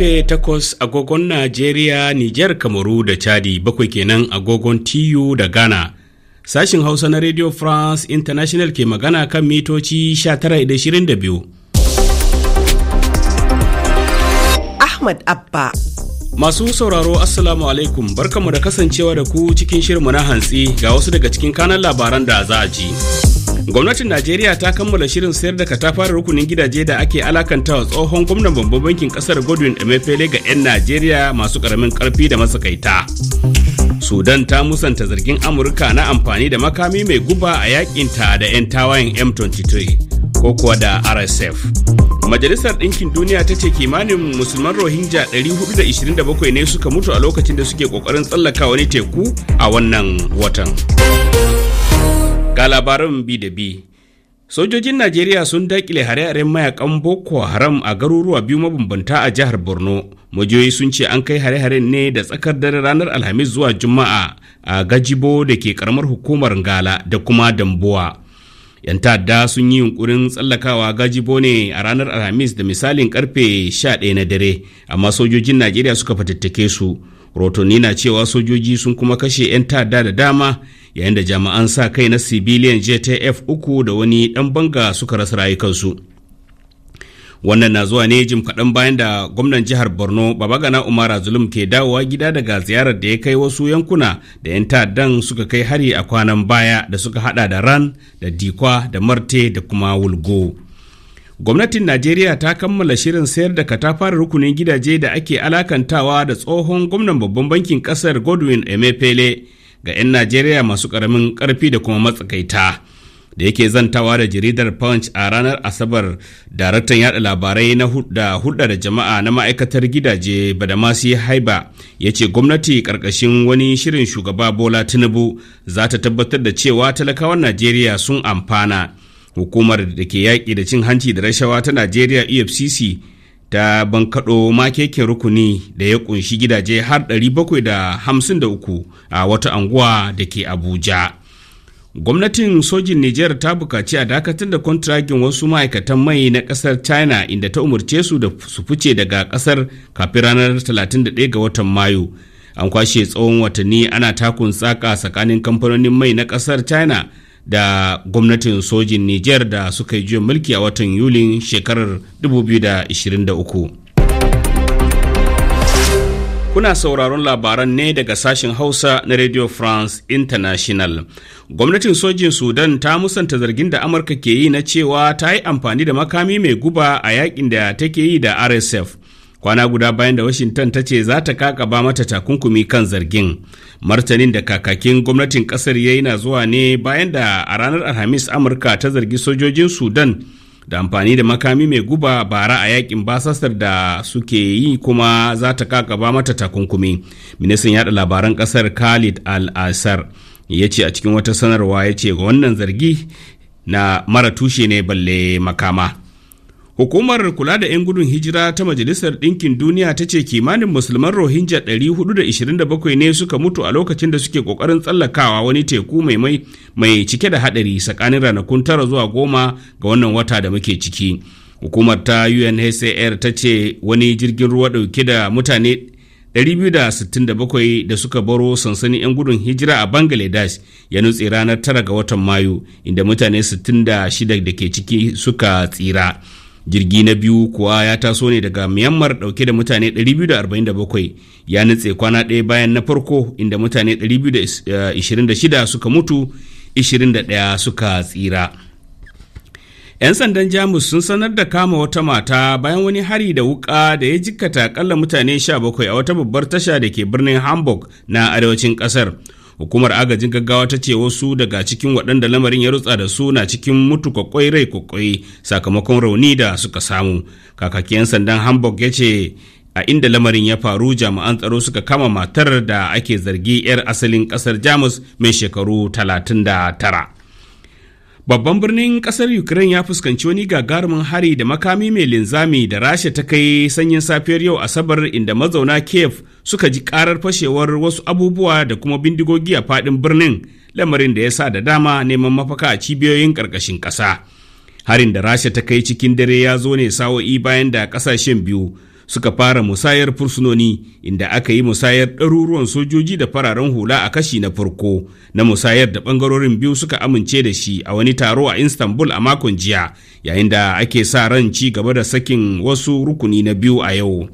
karfe takwas, agogon Najeriya, Nijar, Kamaru da Chadi bakwai kenan agogon TU da Ghana. Sashin Hausa na Radio France International ke magana kan mitoci 1922. Ahmad Abba Masu sauraro Assalamu alaikum barkamu da kasancewa da ku cikin shirinmu na hantsi ga wasu daga cikin kanan labaran da za a ji. gwamnatin najeriya ta kammala shirin sayar da katafaren rukunin gidaje da ake alakantawa tsohon gwamnan babban bankin kasar godwin emefiele ga 'yan najeriya masu karamin karfi da masakaita sudan ta musanta zargin amurka na amfani da makami mai guba a yakinta da 'yan tawayen m23 ko kuwa da rsf majalisar ɗinkin duniya ta ce kimanin musulman rohingya 427 ne suka mutu a lokacin da suke ƙoƙarin tsallaka wani teku a wannan watan. Ga labaran bi da bi. Sojojin Najeriya sun dakile hare-haren mayakan Boko Haram a garuruwa biyu mabambanta a jihar Borno. Majiyoyi sun ce an kai hare-haren ne da tsakar dare ranar Alhamis zuwa Juma'a a Gajibo da ke karamar hukumar Ngala da kuma Dambuwa. 'Yan ta'adda sun yi yunkurin tsallakawa Gajibo ne a ranar Alhamis da misalin karfe 11 na dare, amma sojojin Najeriya suka fatattake su. Rotoni na cewa sojoji sun kuma kashe 'yan ta'adda da dama yayin da jami'an sa kai na civilian jtf uku da wani dan banga suka rasa rayukansu wannan na zuwa ne jim kaɗan bayan da gwamnan jihar borno babagana umara zulum ke dawowa gida daga ziyarar da ya kai wasu yankuna da 'yan ta'addan suka kai hari a kwanan baya da suka hada da ran da dikwa da marte da kuma wulgo gwamnatin najeriya ta kammala shirin sayar da katafar rukunin gidaje da ake alakantawa da tsohon gwamnan babban bankin kasar godwin emefele ga 'yan Najeriya masu ƙaramin ƙarfi da kuma matsakaita. Da yake zantawa da jaridar Punch a ranar Asabar, daraktan yada labarai na da hulɗa da jama'a na ma'aikatar gidaje Badamasi Haiba ya ce gwamnati ƙarƙashin wani shirin shugaba Bola Tinubu za ta tabbatar da cewa talakawan Najeriya sun amfana. Hukumar da ke yaƙi da cin hanci da rashawa ta Najeriya EFCC ta bankaɗo makeke rukuni da ya kunshi gidaje har 753 a wata anguwa da ke abuja gwamnatin sojin nijar ta bukaci a dakatar da kwantiragin wasu ma'aikatan mai na ƙasar china inda ta umarce su da su fice daga ƙasar kafin ranar 31 ga watan mayu an kwashe tsawon watanni ana takun tsaka tsakanin kamfanonin mai na ƙasar china da gwamnatin sojin nijar da suka yi juyin mulki a watan yulin shekarar 2023 Kuna sauraron labaran ne daga sashen Hausa na Radio France International. Gwamnatin sojin Sudan ta musanta zargin da Amurka ke yi na cewa ta yi amfani da makami mai guba a yakin da take yi da RSF. kwana guda bayan da washington ta ce za ta kakaba mata takunkumi kan zargin martanin da kakakin gwamnatin kasar ya yi na zuwa ne bayan da a ranar alhamis amurka ta zargi sojojin sudan da amfani da makami mai guba bara a yakin basasar da suke yi kuma za ta kakaba mata takunkumi ministan yada labaran kasar khalid al-asar ya ce a cikin wata sanarwa ya ce wannan zargi na mara tushe ne balle makama Hukumar kula da 'yan gudun hijira ta Majalisar Ɗinkin Duniya ta ce kimanin musulman Rohingya 427 ne suka mutu a lokacin da suke ƙoƙarin tsallakawa wani teku mai mai mai cike da haɗari tsakanin ranakun tara zuwa goma ga wannan wata da muke ciki. Hukumar ta UNHCR ta ce wani jirgin ruwa ɗauke da mutane 267 da suka baro sansanin 'yan gudun hijira a bangladesh ya nutse ranar tara ga watan mayu inda mutane 66 da ke ciki suka tsira jirgi na biyu kuwa ya taso ne daga myanmar dauke da mutane 247 ya nutse kwana ɗaya bayan na farko inda mutane 226 eh, suka mutu 21 suka tsira 'yan sandan jamus sun sanar da kama wata mata bayan wani hari da wuka da ya jikkata akalla mutane 17 a wata babbar tasha da ke birnin hamburg na arewacin kasar hukumar agajin gaggawa ta ce wasu daga cikin waɗanda lamarin ya rutsa da su na cikin mutu kwakwai rai kwakwai sakamakon rauni da suka samu kakakiyan sandan hamburg ya ce a inda lamarin ya faru jami'an tsaro suka kama matar da ake zargi 'yar asalin ƙasar jamus mai shekaru 39 Babban birnin kasar Ukraine ya fuskanci wani gagarumin hari da makami mai linzami da Rasha ta kai sanyin safiyar yau Asabar inda mazauna Kiev suka ji karar fashewar wasu abubuwa da kuma bindigogi a fadin birnin lamarin da ya sa da dama neman mafaka a cibiyoyin karkashin kasa Harin da Rasha ta kai cikin dare ya zo ne sa'o'i bayan da kasashen biyu suka fara musayar fursunoni inda aka yi musayar ɗaruruwan sojoji da fararen hula a kashi na farko na musayar da ɓangarorin biyu suka amince da shi a wani taro a istanbul a makon jiya yayin da ake sa ran ci gaba da sakin wasu rukuni na biyu a yau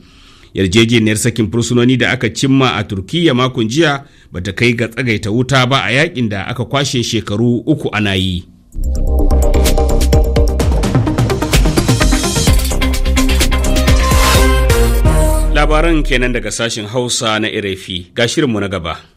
yarjejeniyar sakin fursunoni da aka cimma a turkiyya makon jiya bata kai ga tsagaita wuta ba a yakin da aka kwashe shekaru uku ana yi. Labaran kenan daga sashen Hausa na irefi, ga shirinmu na gaba. Assalamu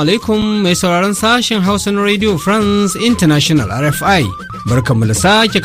alaikum mai sauraron sashen Hausa na Radio France International RFI. barkamu da sake